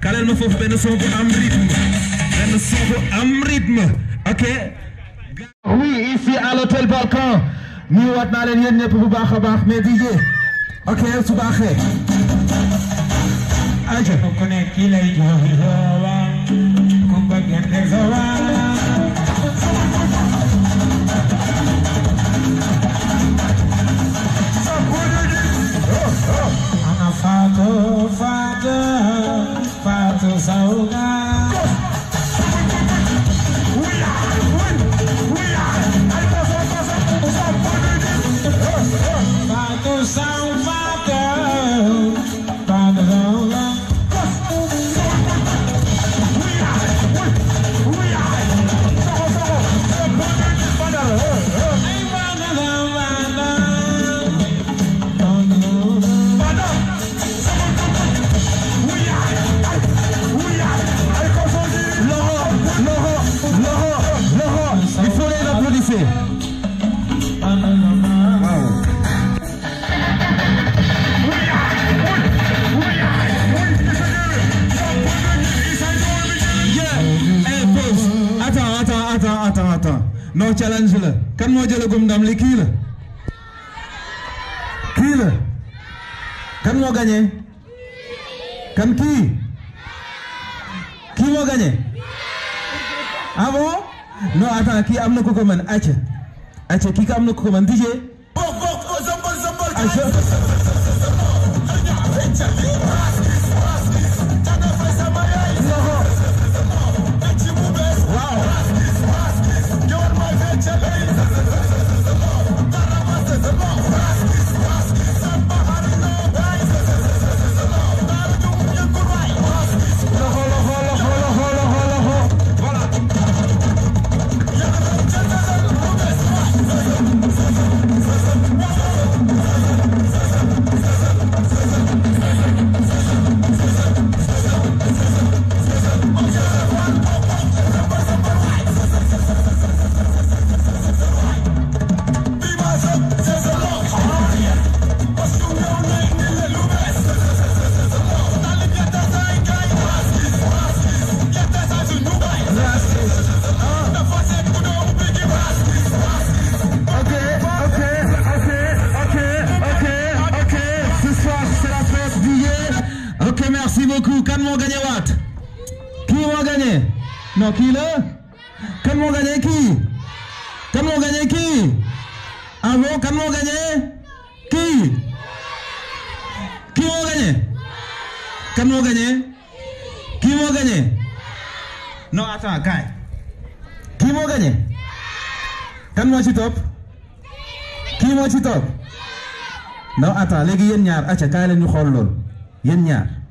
kaleel ma foofu benn son bu am rythme benn son bu am rythme ok. oui ici à l'hôtel balcon nuyu waat naa leen yéen ñëpp bu baax a baax mais DJ ok su baaxee. ayca. ku ne ki lay jooy joowaa ku bëgg ne joowaa. ana Fatou Fatou. know God. Orange la kan moo jëlagum ndam li kii la kii la kan moo gagné kan kii kii moo gagné ah no non attends kii am na ku ko mën acca acca kii ka ko DJ. wakila kan mo gañe ki kan mo gañe ki avo kan mo gañe ki ki mo gañe kan mo gañe ki mo gañe no attends kaay ki mo gak kan kamu ci topp kii moo ci topp non attends léegi yéen ñaar acca kaay leen ñu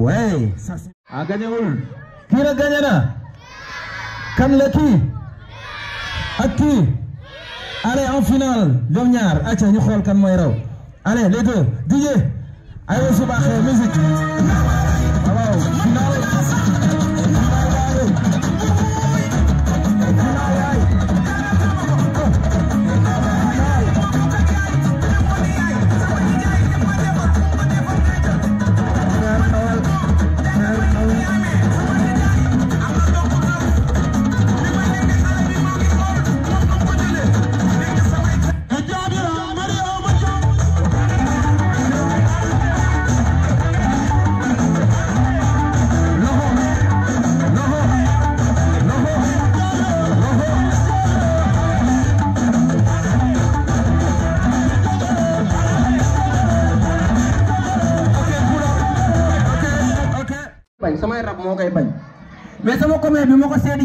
Ouais, ça c'est... A gagné où Qui l'a gagné là Comme le qui A qui Allez, en finale, Lomniar, Acha, Nikhol, Kan Allez, les deux, DJ, allez, Subakhe, musique.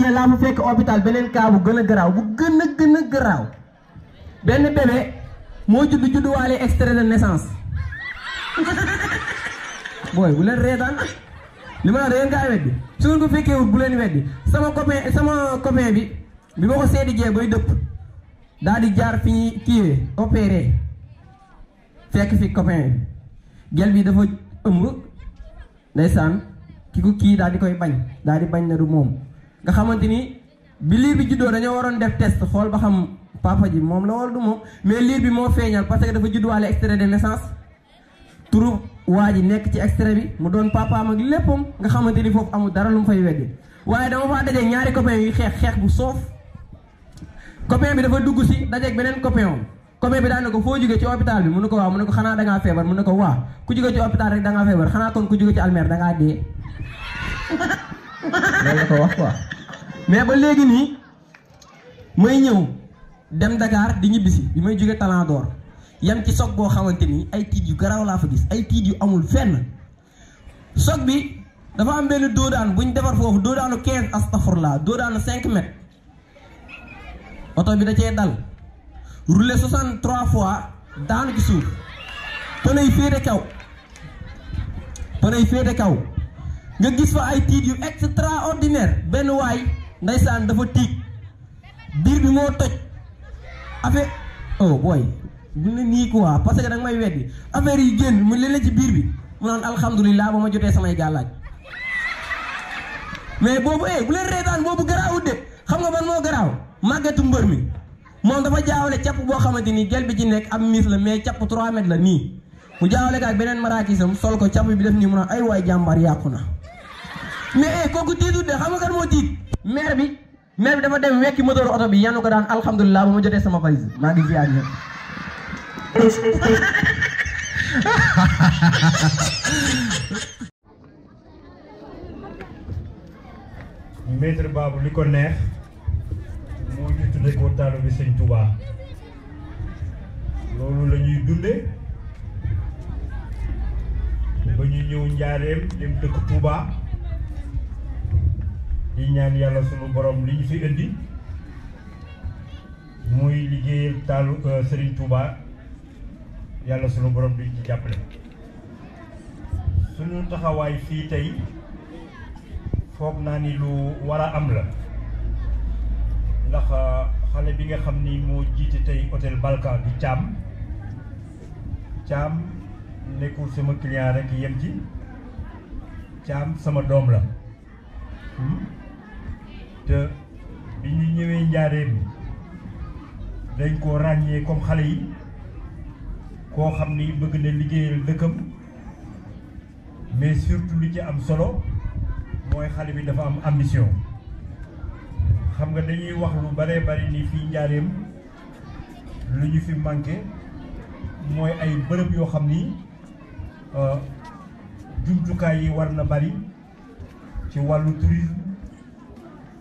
mujjee laa mu fekk beneen cas bu gën a bu gën gën garaaw benn bébé moo judd judduwaale extrait de naissance booy li ma la reen ngaa bi su ngeen ko fekkee wut bu leen weddi sama copain sama copain bi bi ma ko seedi jee bay dëpp daal di jaar fi ñuy kiiwee opéré fekk fi copain bi gel bi dafa ëmb ndeysaan ki ko kii daal di koy bañ daal di bañ na du moom nga xamante ni bi liir bi juddoo dañoo waroon def test xool ba xam papa ji moom la wala du moom mais liir bi moo feeñal parce que dafa judduwaale extrait de naissance turu waa ji nekk ci extrait bi mu doon papaam ak léppam nga xamante ni foofu amul dara lu mu fay weddi waaye dama faa dajeeg ñaari copain yu xeex xeex bu soof copain bi dafa dugg si dajeeg beneen copain am copain bi daan na ko foo jóge ci hôpital bi mu ne ko waaw mu ne ko xanaa da ngaa feebar mu ne ko waa ku jóge ci hôpital rek da ngaa feebar xanaa kon ku jóge ci almer da ngaa dee loolu la ko wax quoi mais ba léegi nii may ñëw dem Dakar di ñibbisi bi may jóge talent d'or yam ci soog boo xamante ni ay tiit yu garaaw laa fa gis ay tiit yu amul fenn soog bi dafa am benn doodaan bu ñu defar foofu doodaanu 15 astafurla doodaanu 5 mètres oto bi da cee dal roulé 63 fois daanu ci suuf pënay féete kaw pënay féete kaw nga gis fa ay tiit yu extraordinaire benn waay ndeysaan dafa tiit biir bi moo toj affaire oh boy bu ne nii quoi parce que danga may weddi affaire yi génn mu leen ci biir bi mu naan alhamdulilah ba ma samay gàllaaj mais boobu eh bu leen reetaan boobu garaawut de xam nga ban moo garaaw màggetu mbër mi moom dafa jaawale capp boo xamante ni gel bi ci nekk am miis la mais capp 3 mètres la nii mu jaawale ko ak beneen sol ko capp bi def nii mu naan ay waay jàmbaar yàqu na mais eh, kooku tiitu de xam nga kan moo tiit maire bi maire bi dafa dem wekki moteur oto bi yanu ko daan alhamdulilah ba ma jotee sama valise maa ngi ziar ñëpp. maître Babou li ko neex moo ñu tudde ko taalu bi sëñ loolu la ñuy dunde ba ñëw njaareem dem dëkk Touba. di ñaan yàlla sunu borom li ñu fi indi muy liggéeyal taalu eh, Serigne Touba yàlla sunu borom bi ci jàppale suñu taxawaay fii tey foog naa ni lu war a am la ndax xale bi nga xam ni hôtel Balkan di cham cham nekkul sama client rek yem ci cham sama doom la hmm? te bi ñu ñëwee njaareem dañ koo ràññee comme xale yi koo xam ni bëgg na liggéeyal dëkkam mais surtout lu ci am solo mooy xale bi dafa am ambition xam nga dañuy wax lu bare bari ni fii njaareem lu ñu fi manqué mooy ay bërëb yoo xam ni euh, jumtukaay yi war na bari ci wàllu tourisme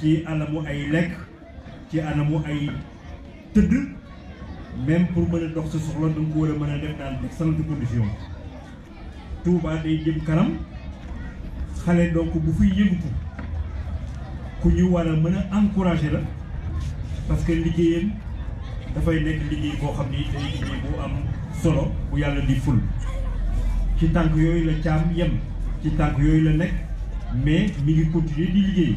ci anamu ay lek ci anamu ay tëdd même pour mën a dox sa soxla da nga ko war a mën a def daal excellente condition touba day jëm kanam xale donc bu fiy yëngatu ku ñu war a encourager la parce que liggéeyam liggéey day liggéey bu am solo bu yàlla di ful ci tànk yoy la cham yem ci tànk yoy la nekk mais mi ngi continuer di liggéey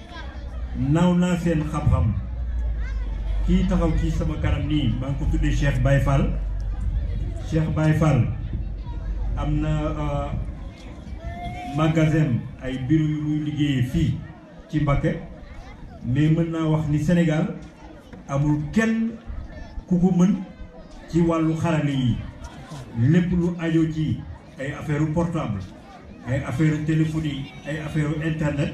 naaw naa seen xam-xam kii taxaw ci sama kanam nii maa ngi ko tuddee Cheikh Baye Fall am na euh, magasin ay bureau yu muy liggéeyee fii ci Mbacké mais mën naa wax ni Sénégal amul kenn ku ko mën ci wàllu xarala yi lépp lu ajoo ci ay affaire portable ay affaire téléphonie ay affaire internet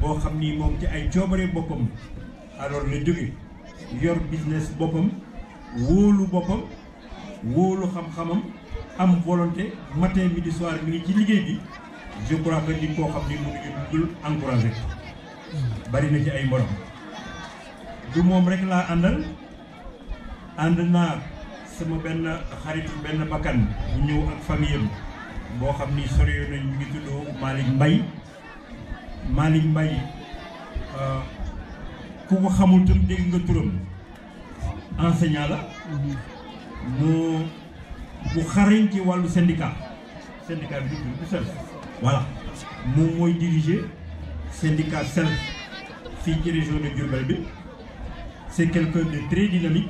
boo ni moom ci ay coobare boppam alors le jóge yor business boppam wolu boppam wolu xam-xamam am volonté matin midi soir mi ngi ci liggéey bi je crois que di koo xam ni mu ngi dul encouragé bari na ci ay morom du moom rek laa àndal ànd na sama ben xaritu benn bakkan ak famille am ni sori nañ mi ngi tudd Malick Malick Mbaye euh, ku ko xamul tam dégg nga turam enseignant la mhm. mu bu xarañ ci walu syndicat syndicat bi du self voilà nous, moy diriger syndicat self fii ci région de Diourbel bi c'est quelqu'un de très dynamique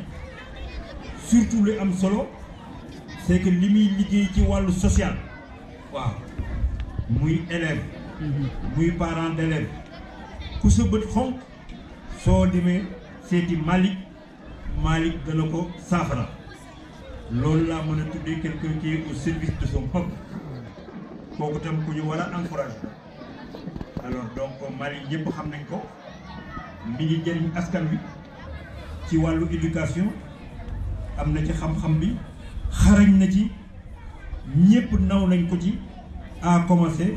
surtout le am solo c'est que li muy liggéey ci walu social waaw muy élève muy parent d'élève ku sa bët xonk soo demee seeti malik malik dana ko saafara loolu laa mën a tuddee quelqu'un qui est au service de son peuple kooku tam ku ñu war a encourager alors donc Malick ñëpp xam nañ ko mi ngi jëriñ askan wi ci wàllu éducation am na ci xam-xam bi xarañ na ci ñëpp naw nañ ko ci à commencer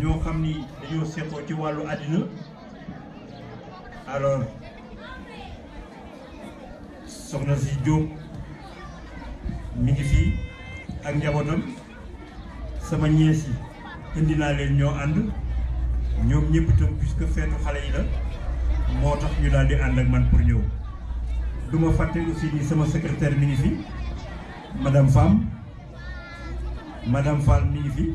ñoo xam ni dañoo seqoo ci wàllu àddina alors soxna si Diop mi ngi fii ak njabootam sama ñees yi indi naa leen ñoo ànd ñoom ñëpp itam que feetu xale yi la moo tax ñu daal di ànd ak man pour ñëw duma ma fàtte ni sama secrétaire mi ngi fi madame Fam madame Fall mi fi.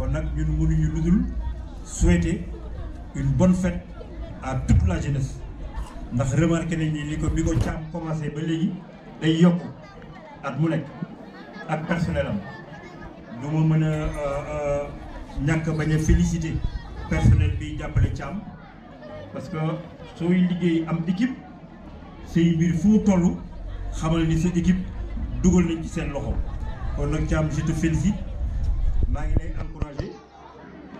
kon nak ñun mënuñu luddul souhaiter une bonne fête à toute la jeunesse ndax remarqué nañ ni li ko bi commencé ba légui day yokk at mu nekk ak personnelam. Duma mëna euh mën a euh, euh, ñàkk féliciter personnel bi jàppale cham parce que soy liggéey am équipe sey bir fu tollu xamal ni sa équipe dugal nañ ci sen loxo kon nag caam je te félicite ma ngi lay encore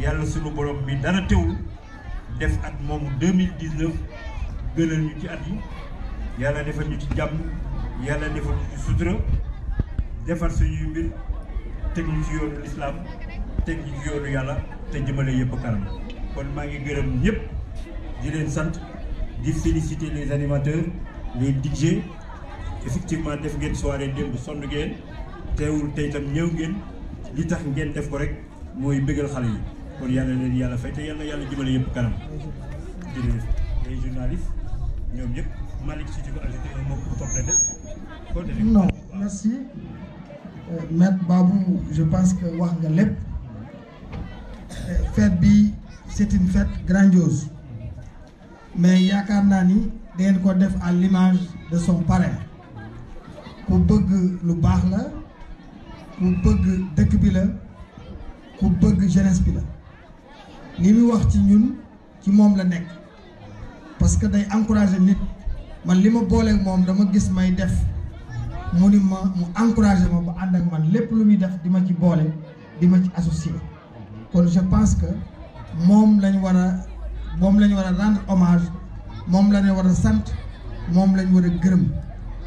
yalla sunu borom bi dara teewul def ak moomu 2019 gënal ñu ci at yi yalla defal ñu ci jamm yalla defal ñu ci sutura defal suñu mbir teg ñu ci yoonu lislaam teg ñu ci yoonu yàlla te jëmale yëpp kanam kon maa ngi gërëm ñëpp di leen sant di féliciter les animateurs les DJ effectivement def ngeen soirée démb sonn ngeen teewul tey itam ñëw ngeen li tax ngeen def ko rek mooy bëggal xale yi pour y aller yàlla fay te yal na yàlla jubale yëpp kanam jërëjëf les journalistes ñoom ñëpp Malik si tu veux ajouter un mot pour compléter non merci euh, maître Babou je pense que wax nga lépp euh, fête bi c'est une fête grandiose mais yaakaar naa ni dangeen ko def à l'image de son parrain pour bëgg lu baax la ku bëgg dëkk bi la ku bëgg jeunesse bi la li muy wax ci ñun ci moom la nekk parce que day encourager nit man li ma booleeg moom dama gis may def mu ni ma mu encourager ma ba ànd ak man lépp lu muy def di ma ci boole di ma ci associé kon je pense que moom lañ war a moom lañ war a rendre hommage moom lañ war a sant moom lañ war a gërëm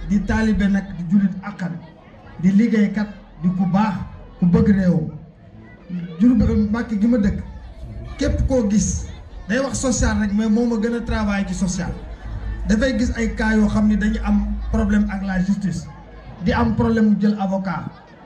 di taalibe nag di jullit akkan di liggéeykat di ku baax ku bëgg réewam jur Mbàkke gi ma dëkk képp koo gis day wax social rek mais moom a gën a travail ci social dafay gis ay cas yoo xam ni dañu am problème ak la justice di am problème mu jël avocat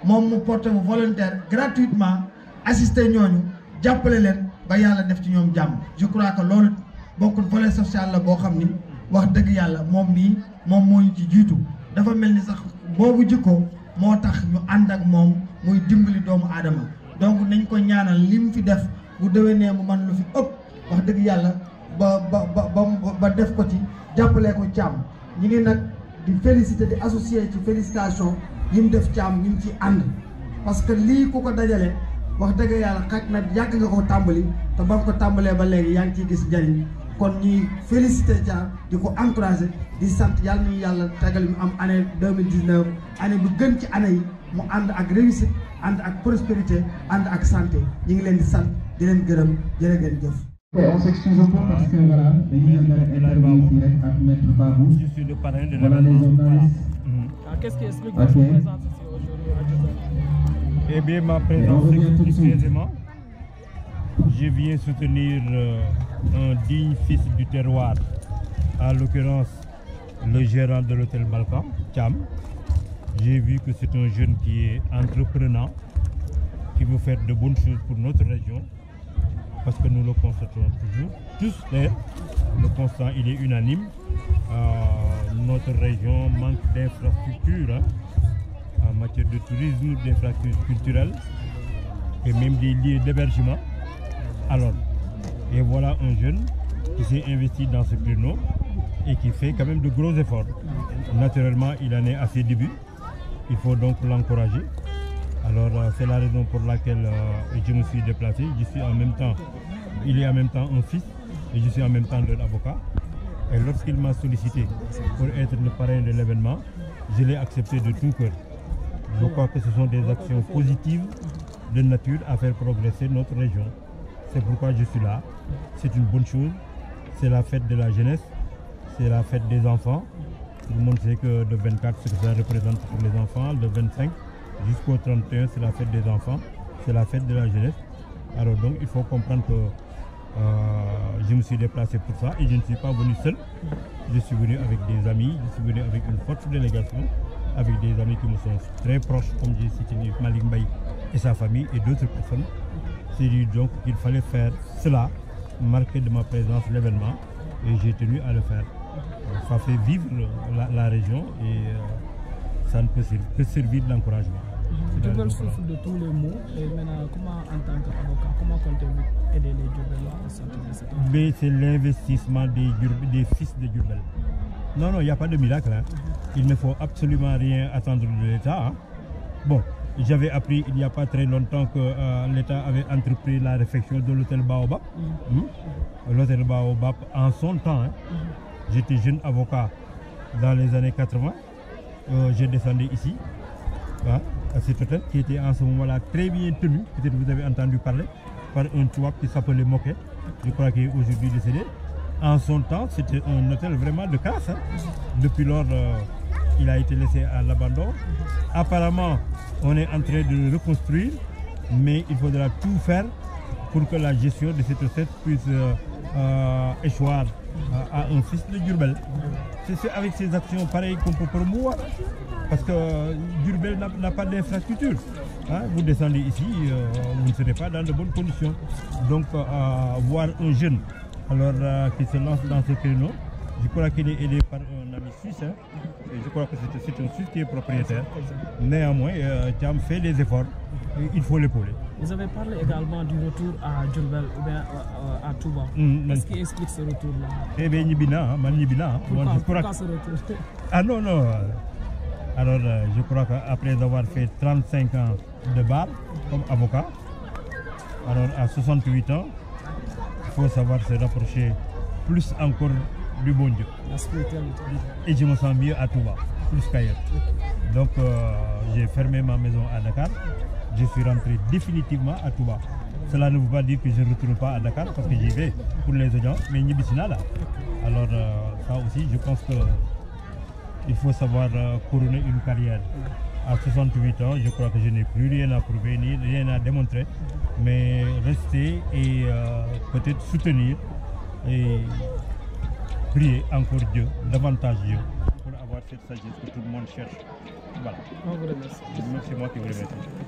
moom mu porté volontaire gratuitement assister ñooñu jàppale leen ba yàlla def ci ñoom jàmm je crois que loolu bokkul volet social la boo xam ni wax dëgg yàlla moom mii moom moo ñu ci jiitu dafa mel ni sax boobu jikko moo tax ñu ànd ak moom muy dimbali doomu aadama donc nañ ko ñaanal li mu fi def bu déwénee mu man lu fi ëpp wax dëgg yàlla ba ba ba ba def ko ci jàppalee ko Thiam ñi ngi nag di félicité di associé ci félicitation yi mu def Thiam ñu ngi ci ànd parce que lii ku ko dajale wax dëgg yàlla xaj nag yàgg nga ko tàmbali te ba nga ko tàmbalee ba léegi yaa ngi ciy gis njëriñ kon ñuy félicité Thiam di ko encouragé di sant yàlla ñu yàlla tegal mu am année deux mille dix neuf année bu gën ci année yi mu ànd ak réussite ànd ak prospérité ànd ak santé ñu ngi leen di sant. on s'excuse un peu parce que voilà a am dara Je suis le parrain de mm. ah, Qu'est-ce qui explique votre présence ici aujourd'hui? Eh bien ma présence précisément je viens soutenir euh, un digne fils du terroir à l'occurrence le gérant de l'hôtel Balkan Thiam j'ai vu que c'est un jeune qui est entreprenant qui veut faire de bonnes choses pour notre région parce que nous le constatons toujours. Tous d'ailleurs, le constat il est unanime. Euh, notre région manque d'infrastructures hein, en matière de tourisme, d'infrastructures culturelles et même des lieux d'hébergement. Alors, et voilà un jeune qui s'est investi dans ce créneau et qui fait quand même de gros efforts. Naturellement, il en est à ses débuts. Il faut donc l'encourager. Alors euh, c'est la raison pour laquelle euh, je me suis déplacé. Je suis en même temps, il est en même temps un fils et je suis en même temps leur avocat. Et lorsqu'il m'a sollicité pour être le parrain de l'événement, je l'ai accepté de tout cœur. Je crois que ce sont des actions positives de nature à faire progresser notre région. C'est pourquoi je suis là. C'est une bonne chose. C'est la fête de la jeunesse. C'est la fête des enfants. Tout le monde sait que de 24, ce que ça représente pour les enfants, De 25, Jusqu'au 31, c'est la fête des enfants, c'est la fête de la jeunesse. Alors donc, il faut comprendre que euh, je me suis déplacé pour ça et je ne suis pas venu seul. Je suis venu avec des amis, je suis venu avec une forte délégation, avec des amis qui me sont très proches, comme j'ai cité Malik Mbaye et sa famille et d'autres personnes. C'est dit donc qu'il fallait faire cela, marquer de ma présence l'événement et j'ai tenu à le faire. Ça fait vivre la, région et euh, ça ne peut, que servir d'encouragement souffre de tous les maux. Et maintenant, comment, en tant qu'avocat, comment comptez-vous aider les à sortir de cette c'est l'investissement des, fils de Durbel. Non, non, il n'y a pas de miracle. Hein. Mhm. Il ne faut absolument rien attendre de l'État. Hein. Bon, j'avais appris il n'y a pas très longtemps que euh, l'État avait entrepris la réfection de l'hôtel Baobab. Mhm. Hmm? L'hôtel Baobab, en son temps, hein. mhm. j'étais jeune avocat dans les années 80. Je euh, J'ai descendu ici hôtel qui était en ce moment-là très bien tenu, peut-être vous avez entendu parler, par un tuap qui s'appelait Moquet, je crois qu'il est aujourd'hui décédé. En son temps, c'était un hôtel vraiment de casse. Hein. Depuis lors, euh, il a été laissé à l'abandon. Apparemment, on est en train de le reconstruire, mais il faudra tout faire pour que la gestion de cette recette puisse euh, euh, échouer à, un fils de Durbel. C'est avec ces actions pareilles qu'on peut promouvoir. Parce que euh, Durbel n'a pas d'infrastructure. Hein. vous descendez ici, euh, vous ne serez pas dans de bonnes conditions. Donc, euh, à voir un jeune alors, qui se lance dans ce créneau, je crois qu'il est aidé par un ami suisse. Hein. je crois que c'est un Suisse qui est propriétaire. Néanmoins, euh, a fait des efforts. il faut l'épauler. Vous avez parlé également du retour à Djurbel ou bien euh, euh, à, Touba. Qu'est-ce mm, qui explique ce retour-là Eh bien, Nibina, hein, man Nibina. Hein. Pourquoi, pourquoi ce retour Ah non, non. Alors, euh, je crois qu'après avoir fait 35 ans de bar comme avocat, alors à 68 ans, il faut savoir se rapprocher plus encore du bon Dieu. Et je me sens mieux à Touba, plus qu'ailleurs. Donc euh, j'ai fermé ma maison à Dakar. Je suis rentré définitivement à Touba. Cela ne veut pas dire que je ne retourne pas à Dakar parce que j'y vais pour les audiences, mais Nibissina là. Alors euh, ça aussi, je pense qu'il faut savoir euh, couronner une carrière. À 68 ans, je crois que je n'ai plus rien à prouver ni rien à démontrer, mais rester et peut-être soutenir et Priez encore Dieu, davantage Dieu, pour avoir cette sagesse que tout le monde cherche. Voilà. Merci, moi qui vous remercie.